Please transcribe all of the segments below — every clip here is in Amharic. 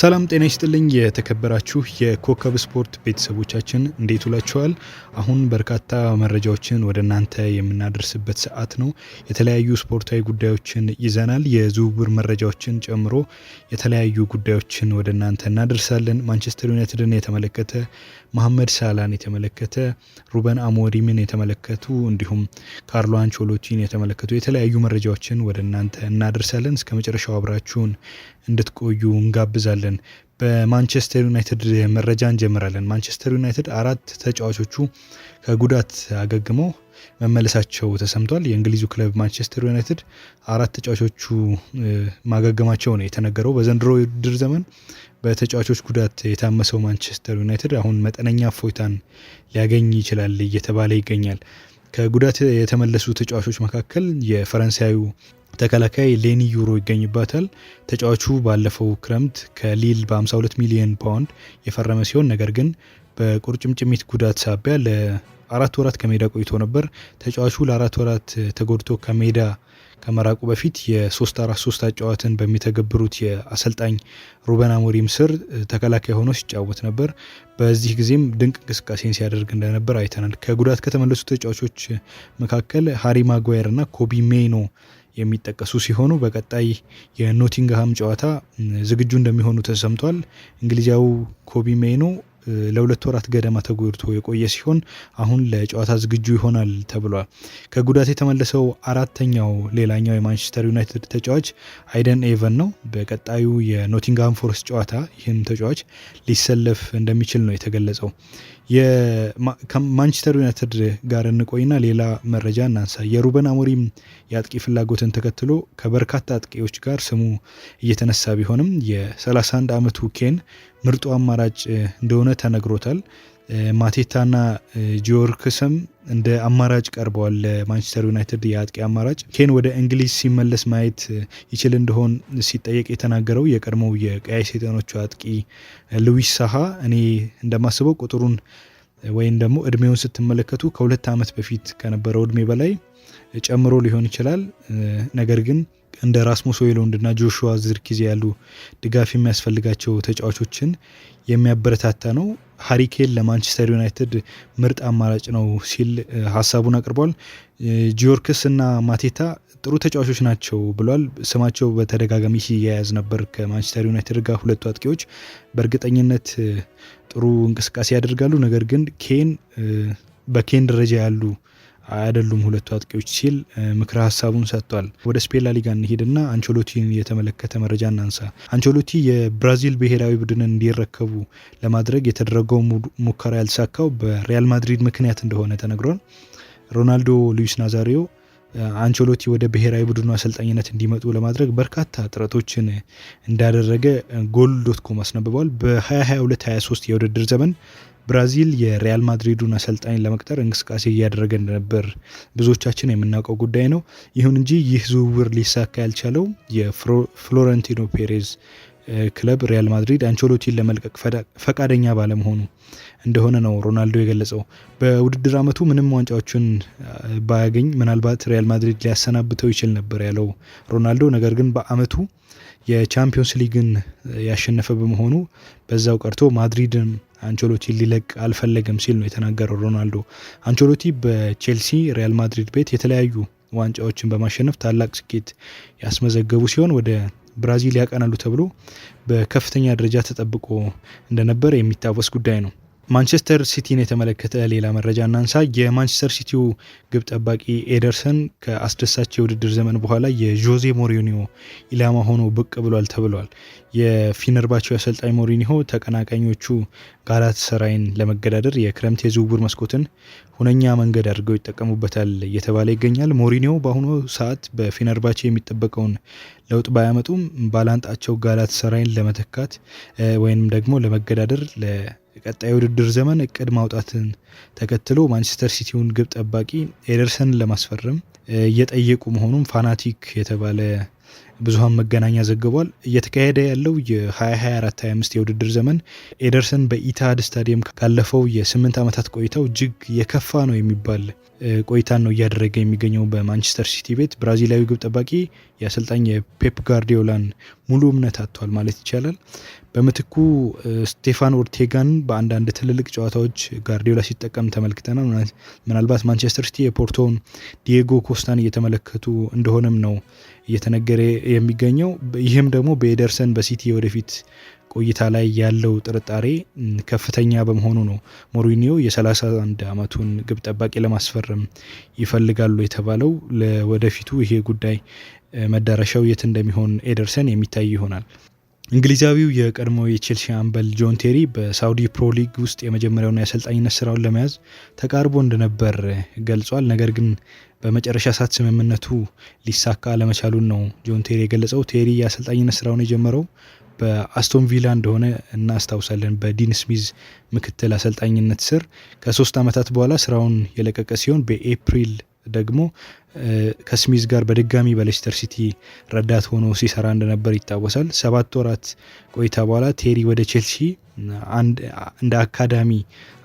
ሰላም ጤና ይስጥልኝ። የተከበራችሁ የኮከብ ስፖርት ቤተሰቦቻችን እንዴት ውላችኋል? አሁን በርካታ መረጃዎችን ወደ እናንተ የምናደርስበት ሰዓት ነው። የተለያዩ ስፖርታዊ ጉዳዮችን ይዘናል። የዝውውር መረጃዎችን ጨምሮ የተለያዩ ጉዳዮችን ወደ እናንተ እናደርሳለን። ማንቸስተር ዩናይትድን የተመለከተ፣ መሐመድ ሳላን የተመለከተ፣ ሩበን አሞሪምን የተመለከቱ እንዲሁም ካርሎ አንቾሎቲን የተመለከቱ የተለያዩ መረጃዎችን ወደ እናንተ እናደርሳለን። እስከ መጨረሻው አብራችሁን እንድትቆዩ እንጋብዛለን። እንሄዳለን። በማንቸስተር ዩናይትድ መረጃ እንጀምራለን። ማንቸስተር ዩናይትድ አራት ተጫዋቾቹ ከጉዳት አገግመው መመለሳቸው ተሰምቷል። የእንግሊዙ ክለብ ማንቸስተር ዩናይትድ አራት ተጫዋቾቹ ማገገማቸው ነው የተነገረው። በዘንድሮ የውድድር ዘመን በተጫዋቾች ጉዳት የታመሰው ማንቸስተር ዩናይትድ አሁን መጠነኛ እፎይታን ሊያገኝ ይችላል እየተባለ ይገኛል። ከጉዳት የተመለሱ ተጫዋቾች መካከል የፈረንሳዩ ተከላካይ ሌኒ ዩሮ ይገኝባታል። ተጫዋቹ ባለፈው ክረምት ከሊል በ52 ሚሊዮን ፓውንድ የፈረመ ሲሆን ነገር ግን በቁርጭምጭሚት ጉዳት ሳቢያ ለአራት ወራት ከሜዳ ቆይቶ ነበር። ተጫዋቹ ለአራት ወራት ተጎድቶ ከሜዳ ከመራቁ በፊት የ343 አጫዋትን በሚተገብሩት የአሰልጣኝ ሩበን አሞሪም ስር ተከላካይ ሆኖ ሲጫወት ነበር። በዚህ ጊዜም ድንቅ እንቅስቃሴን ሲያደርግ እንደነበር አይተናል። ከጉዳት ከተመለሱ ተጫዋቾች መካከል ሃሪ ማጓየር እና ኮቢ ሜይኖ የሚጠቀሱ ሲሆኑ በቀጣይ የኖቲንግሃም ጨዋታ ዝግጁ እንደሚሆኑ ተሰምቷል። እንግሊዛዊ ኮቢ ሜኖ ለሁለት ወራት ገደማ ተጎድቶ የቆየ ሲሆን አሁን ለጨዋታ ዝግጁ ይሆናል ተብሏል። ከጉዳት የተመለሰው አራተኛው ሌላኛው የማንቸስተር ዩናይትድ ተጫዋች አይደን ኤቨን ነው። በቀጣዩ የኖቲንግሃም ፎረስት ጨዋታ ይህም ተጫዋች ሊሰለፍ እንደሚችል ነው የተገለጸው። ከማንቸስተር ዩናይትድ ጋር እንቆይና ሌላ መረጃ እናንሳ። የሩበን አሞሪም የአጥቂ ፍላጎትን ተከትሎ ከበርካታ አጥቂዎች ጋር ስሙ እየተነሳ ቢሆንም የ31 ዓመቱ ኬን ምርጡ አማራጭ እንደሆነ ተነግሮታል። ማቴታና ጂዮርክስም እንደ አማራጭ ቀርበዋል። ለማንቸስተር ዩናይትድ የአጥቂ አማራጭ ኬን ወደ እንግሊዝ ሲመለስ ማየት ይችል እንደሆን ሲጠየቅ የተናገረው የቀድሞው የቀያይ ሰይጣኖቹ አጥቂ ሉዊስ ሳሃ እኔ እንደማስበው ቁጥሩን ወይም ደግሞ እድሜውን ስትመለከቱ ከሁለት ዓመት በፊት ከነበረው እድሜ በላይ ጨምሮ ሊሆን ይችላል። ነገር ግን እንደ ራስሙስ ሆይሉንድ እና ጆሹዋ ዝርኪዚ ያሉ ድጋፍ የሚያስፈልጋቸው ተጫዋቾችን የሚያበረታታ ነው። ሀሪኬን ለማንቸስተር ዩናይትድ ምርጥ አማራጭ ነው ሲል ሀሳቡን አቅርቧል። ጂዮርክስ እና ማቴታ ጥሩ ተጫዋቾች ናቸው ብሏል። ስማቸው በተደጋጋሚ ሲያያዝ ነበር ከማንቸስተር ዩናይትድ ጋር ሁለቱ አጥቂዎች በእርግጠኝነት ጥሩ እንቅስቃሴ ያደርጋሉ። ነገር ግን ኬን በኬን ደረጃ ያሉ አይደሉም ሁለቱ አጥቂዎች ሲል ምክረ ሀሳቡን ሰጥቷል። ወደ ስፔን ላሊጋ እንሄድና አንቸሎቲን የተመለከተ መረጃ እናንሳ። አንቸሎቲ የብራዚል ብሔራዊ ቡድንን እንዲረከቡ ለማድረግ የተደረገው ሙከራ ያልተሳካው በሪያል ማድሪድ ምክንያት እንደሆነ ተነግሯል። ሮናልዶ ሉዊስ ናዛሪዮ አንቸሎቲ ወደ ብሔራዊ ቡድኑ አሰልጣኝነት እንዲመጡ ለማድረግ በርካታ ጥረቶችን እንዳደረገ ጎል ዶት ኮም በ በ2022/23 የውድድር ዘመን ብራዚል የሪያል ማድሪዱን አሰልጣኝ ለመቅጠር እንቅስቃሴ እያደረገ እንደነበር ብዙዎቻችን የምናውቀው ጉዳይ ነው። ይሁን እንጂ ይህ ዝውውር ሊሳካ ያልቻለው የፍሎረንቲኖ ፔሬዝ ክለብ ሪያል ማድሪድ አንቸሎቲን ለመልቀቅ ፈቃደኛ ባለመሆኑ እንደሆነ ነው ሮናልዶ የገለጸው። በውድድር ዓመቱ ምንም ዋንጫዎችን ባያገኝ ምናልባት ሪያል ማድሪድ ሊያሰናብተው ይችል ነበር ያለው ሮናልዶ፣ ነገር ግን በዓመቱ የቻምፒዮንስ ሊግን ያሸነፈ በመሆኑ በዛው ቀርቶ ማድሪድን አንቸሎቲ ሊለቅ አልፈለገም ሲል ነው የተናገረው ሮናልዶ። አንቸሎቲ በቼልሲ ሪያል ማድሪድ ቤት የተለያዩ ዋንጫዎችን በማሸነፍ ታላቅ ስኬት ያስመዘገቡ ሲሆን ወደ ብራዚል ያቀናሉ ተብሎ በከፍተኛ ደረጃ ተጠብቆ እንደነበረ የሚታወስ ጉዳይ ነው። ማንቸስተር ሲቲን የተመለከተ ሌላ መረጃ እናንሳ። የማንቸስተር ሲቲው ግብ ጠባቂ ኤደርሰን ከአስደሳች የውድድር ዘመን በኋላ የጆዜ ሞሪኒዮ ኢላማ ሆኖ ብቅ ብሏል ተብሏል። የፊነርባቸው አሰልጣኝ ሞሪኒሆ ተቀናቃኞቹ ጋላት ሰራይን ለመገዳደር የክረምት የዝውውር መስኮትን ሁነኛ መንገድ አድርገው ይጠቀሙበታል እየተባለ ይገኛል። ሞሪኒዮ በአሁኑ ሰዓት በፊነርባቸው የሚጠበቀውን ለውጥ ባያመጡም ባላንጣቸው ጋላት ሰራይን ለመተካት ወይም ደግሞ ለመገዳደር የቀጣይ ውድድር ዘመን እቅድ ማውጣትን ተከትሎ ማንቸስተር ሲቲውን ግብ ጠባቂ ኤደርሰንን ለማስፈረም እየጠየቁ መሆኑን ፋናቲክ የተባለ ብዙሀን መገናኛ ዘግቧል። እየተካሄደ ያለው የ2024/25 የውድድር ዘመን ኤደርሰን በኢታድ ስታዲየም ካለፈው የስምንት ዓመታት ቆይታው እጅግ የከፋ ነው የሚባል ቆይታን ነው እያደረገ የሚገኘው በማንቸስተር ሲቲ ቤት። ብራዚላዊ ግብ ጠባቂ የአሰልጣኝ የፔፕ ጋርዲዮላን ሙሉ እምነት አጥቷል ማለት ይቻላል። በምትኩ ስቴፋን ኦርቴጋን በአንዳንድ ትልልቅ ጨዋታዎች ጋርዲዮላ ሲጠቀም ተመልክተናል። ምናልባት ማንቸስተር ሲቲ የፖርቶን ዲየጎ ኮስታን እየተመለከቱ እንደሆነም ነው እየተነገረ የሚገኘው። ይህም ደግሞ በኤደርሰን በሲቲ ወደፊት ቆይታ ላይ ያለው ጥርጣሬ ከፍተኛ በመሆኑ ነው ሞሪኒዮ የ31 ዓመቱን ግብ ጠባቂ ለማስፈረም ይፈልጋሉ የተባለው። ለወደፊቱ ይሄ ጉዳይ መዳረሻው የት እንደሚሆን ኤደርሰን የሚታይ ይሆናል። እንግሊዛዊው የቀድሞ የቼልሲ አምበል ጆን ቴሪ በሳውዲ ፕሮ ሊግ ውስጥ የመጀመሪያውን የአሰልጣኝነት ስራውን ለመያዝ ተቃርቦ እንደነበር ገልጿል። ነገር ግን በመጨረሻ ሰዓት ስምምነቱ ሊሳካ አለመቻሉን ነው ጆን ቴሪ የገለጸው። ቴሪ የአሰልጣኝነት ስራውን የጀመረው በአስቶን ቪላ እንደሆነ እናስታውሳለን። በዲን ስሚዝ ምክትል አሰልጣኝነት ስር ከሶስት ዓመታት በኋላ ስራውን የለቀቀ ሲሆን በኤፕሪል ደግሞ ከስሚዝ ጋር በድጋሚ በሌስተር ሲቲ ረዳት ሆኖ ሲሰራ እንደነበር ይታወሳል። ሰባት ወራት ቆይታ በኋላ ቴሪ ወደ ቼልሲ እንደ አካዳሚ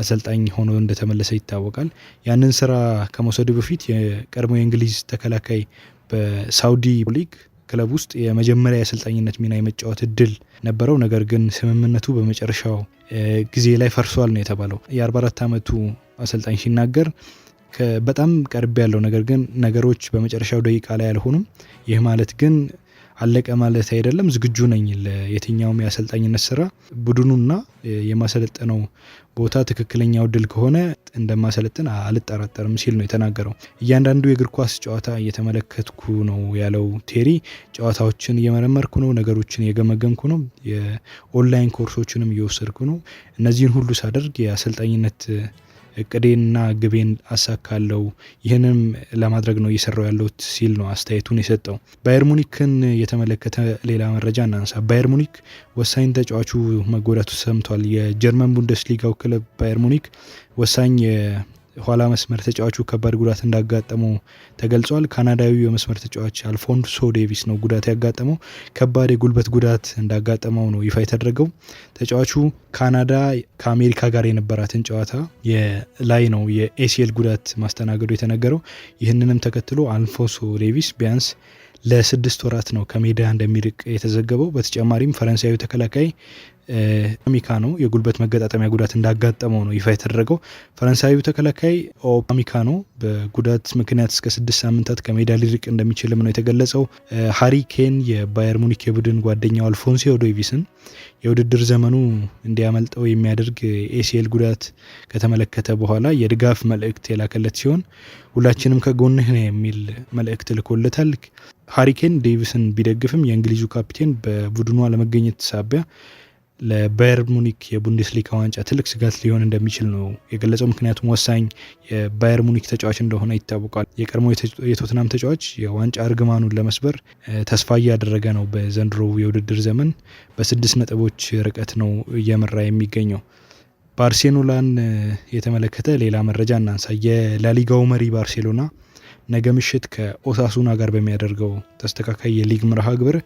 አሰልጣኝ ሆኖ እንደተመለሰ ይታወቃል። ያንን ስራ ከመውሰዱ በፊት የቀድሞ የእንግሊዝ ተከላካይ በሳውዲ ሊግ ክለብ ውስጥ የመጀመሪያ የአሰልጣኝነት ሚና የመጫወት እድል ነበረው። ነገር ግን ስምምነቱ በመጨረሻው ጊዜ ላይ ፈርሷል ነው የተባለው። የ44 ዓመቱ አሰልጣኝ ሲናገር በጣም ቀርብ ያለው ነገር ግን ነገሮች በመጨረሻው ደቂቃ ላይ አልሆኑም። ይህ ማለት ግን አለቀ ማለት አይደለም። ዝግጁ ነኝ ለየትኛውም የአሰልጣኝነት ስራ። ቡድኑና የማሰለጠነው ቦታ ትክክለኛው ድል ከሆነ እንደማሰለጥን አልጠራጠርም ሲል ነው የተናገረው። እያንዳንዱ የእግር ኳስ ጨዋታ እየተመለከትኩ ነው ያለው ቴሪ፣ ጨዋታዎችን እየመረመርኩ ነው፣ ነገሮችን እየገመገምኩ ነው፣ የኦንላይን ኮርሶችንም እየወሰድኩ ነው። እነዚህን ሁሉ ሳደርግ የአሰልጣኝነት እቅዴና ግቤን አሳካለው ይህንም ለማድረግ ነው እየሰራው ያለሁት ሲል ነው አስተያየቱን የሰጠው። ባየር ሙኒክን የተመለከተ ሌላ መረጃ እናንሳ። ባየር ሙኒክ ወሳኝ ተጫዋቹ መጎዳቱ ሰምቷል። የጀርመን ቡንደስሊጋው ክለብ ባየር ሙኒክ ወሳኝ ኋላ መስመር ተጫዋቹ ከባድ ጉዳት እንዳጋጠመው ተገልጿል። ካናዳዊ የመስመር ተጫዋች አልፎንሶ ዴቪስ ነው ጉዳት ያጋጠመው። ከባድ የጉልበት ጉዳት እንዳጋጠመው ነው ይፋ የተደረገው። ተጫዋቹ ካናዳ ከአሜሪካ ጋር የነበራትን ጨዋታ ላይ ነው የኤሲኤል ጉዳት ማስተናገዱ የተነገረው። ይህንንም ተከትሎ አልፎንሶ ዴቪስ ቢያንስ ለስድስት ወራት ነው ከሜዳ እንደሚርቅ የተዘገበው። በተጨማሪም ፈረንሳዊ ተከላካይ ኦፓሚካኖ የጉልበት መገጣጠሚያ ጉዳት እንዳጋጠመው ነው ይፋ የተደረገው። ፈረንሳዊው ተከላካይ ኦፓሚካኖ በጉዳት ምክንያት እስከ ስድስት ሳምንታት ከሜዳ ሊርቅ እንደሚችልም ነው የተገለጸው። ሃሪ ኬን የባየር ሙኒክ የቡድን ጓደኛው አልፎንሲዮ ዴቪስን የውድድር ዘመኑ እንዲያመልጠው የሚያደርግ ኤሲኤል ጉዳት ከተመለከተ በኋላ የድጋፍ መልእክት የላከለት ሲሆን ሁላችንም ከጎንህ ነው የሚል መልእክት ልኮለታል። ሃሪኬን ዴቪስን ቢደግፍም የእንግሊዙ ካፕቴን በቡድኑ አለመገኘት ሳቢያ ለባየር ሙኒክ የቡንደስሊጋ ዋንጫ ትልቅ ስጋት ሊሆን እንደሚችል ነው የገለጸው። ምክንያቱም ወሳኝ የባየር ሙኒክ ተጫዋች እንደሆነ ይታወቃል። የቀድሞ የቶትናም ተጫዋች የዋንጫ እርግማኑን ለመስበር ተስፋ እያደረገ ነው። በዘንድሮ የውድድር ዘመን በስድስት ነጥቦች ርቀት ነው እየመራ የሚገኘው። ባርሴሎናን የተመለከተ ሌላ መረጃ እናንሳ። የላሊጋው መሪ ባርሴሎና ነገ ምሽት ከኦሳሱና ጋር በሚያደርገው ተስተካካይ የሊግ መርሃ ግብር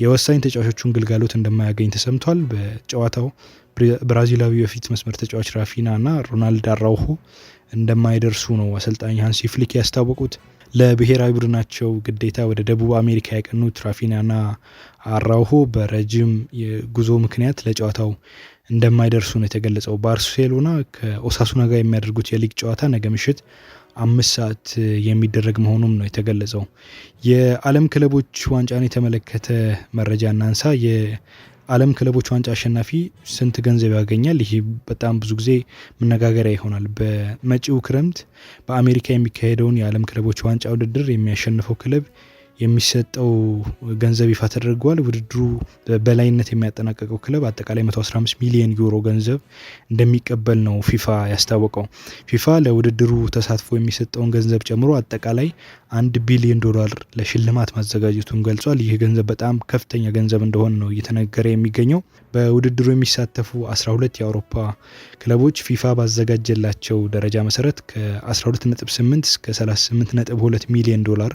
የወሳኝ ተጫዋቾቹን ግልጋሎት እንደማያገኝ ተሰምቷል። በጨዋታው ብራዚላዊ የፊት መስመር ተጫዋች ራፊና እና ሮናልድ አራውሆ እንደማይደርሱ ነው አሰልጣኝ ሃንሲ ፍሊክ ያስታወቁት። ለብሔራዊ ቡድናቸው ግዴታ ወደ ደቡብ አሜሪካ ያቀኑት ራፊናና አራውሆ በረጅም የጉዞ ምክንያት ለጨዋታው እንደማይደርሱ ነው የተገለጸው። ባርሴሎና ከኦሳሱና ጋር የሚያደርጉት የሊግ ጨዋታ ነገ ምሽት አምስት ሰዓት የሚደረግ መሆኑም ነው የተገለጸው። የዓለም ክለቦች ዋንጫን የተመለከተ መረጃ እናንሳ። የዓለም ክለቦች ዋንጫ አሸናፊ ስንት ገንዘብ ያገኛል? ይህ በጣም ብዙ ጊዜ መነጋገሪያ ይሆናል። በመጪው ክረምት በአሜሪካ የሚካሄደውን የዓለም ክለቦች ዋንጫ ውድድር የሚያሸንፈው ክለብ የሚሰጠው ገንዘብ ይፋ ተደርጓል። ውድድሩ በላይነት የሚያጠናቀቀው ክለብ አጠቃላይ 115 ሚሊዮን ዩሮ ገንዘብ እንደሚቀበል ነው ፊፋ ያስታወቀው። ፊፋ ለውድድሩ ተሳትፎ የሚሰጠውን ገንዘብ ጨምሮ አጠቃላይ አንድ ቢሊዮን ዶላር ለሽልማት ማዘጋጀቱን ገልጿል። ይህ ገንዘብ በጣም ከፍተኛ ገንዘብ እንደሆነ ነው እየተነገረ የሚገኘው። በውድድሩ የሚሳተፉ 12 የአውሮፓ ክለቦች ፊፋ ባዘጋጀላቸው ደረጃ መሰረት ከ12.8 እስከ 38.2 ሚሊዮን ዶላር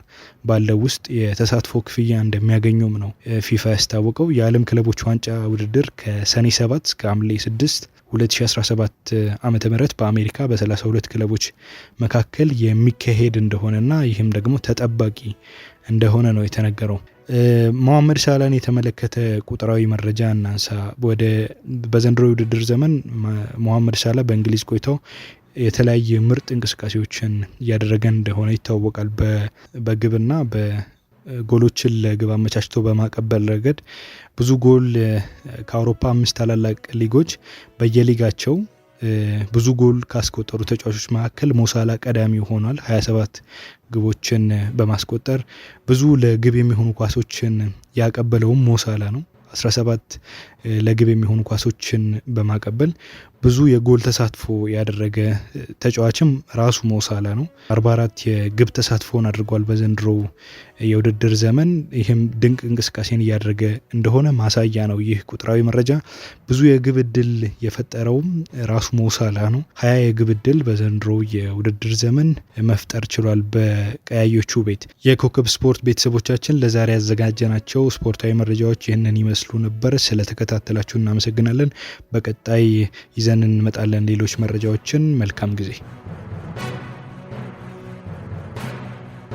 ባለው ውስጥ የተሳትፎ ክፍያ እንደሚያገኙም ነው ፊፋ ያስታወቀው። የዓለም ክለቦች ዋንጫ ውድድር ከሰኔ 7 እስከ ሐምሌ 6 2017 ም በአሜሪካ በ32 ክለቦች መካከል የሚካሄድ እንደሆነና ይህም ደግሞ ተጠባቂ እንደሆነ ነው የተነገረው። መሐመድ ሳላን የተመለከተ ቁጥራዊ መረጃ እናንሳ። ወደ በዘንድሮ የውድድር ዘመን መሐመድ ሳላ በእንግሊዝ ቆይታው የተለያየ ምርጥ እንቅስቃሴዎችን እያደረገ እንደሆነ ይታወቃል። በግብና በጎሎችን ለግብ አመቻችቶ በማቀበል ረገድ ብዙ ጎል ከአውሮፓ አምስት ታላላቅ ሊጎች በየሊጋቸው ብዙ ጎል ካስቆጠሩ ተጫዋቾች መካከል ሞሳላ ቀዳሚ ሆኗል። 27 ግቦችን በማስቆጠር ብዙ ለግብ የሚሆኑ ኳሶችን ያቀበለውም ሞሳላ ነው። 17 ለግብ የሚሆኑ ኳሶችን በማቀበል ብዙ የጎል ተሳትፎ ያደረገ ተጫዋችም ራሱ ሞሳላ ነው። 44 የግብ ተሳትፎን አድርጓል በዘንድሮ የውድድር ዘመን። ይህም ድንቅ እንቅስቃሴን እያደረገ እንደሆነ ማሳያ ነው። ይህ ቁጥራዊ መረጃ ብዙ የግብ እድል የፈጠረውም ራሱ ሞሳላ ነው። ሀያ የግብ እድል በዘንድሮ የውድድር ዘመን መፍጠር ችሏል በቀያዮቹ ቤት። የኮከብ ስፖርት ቤተሰቦቻችን ለዛሬ ያዘጋጀናቸው ስፖርታዊ መረጃዎች ይህንን ይመስሉ ነበር። ስለተከታተላችሁ እናመሰግናለን። በቀጣይ ይዘን እንመጣለን ሌሎች መረጃዎችን። መልካም ጊዜ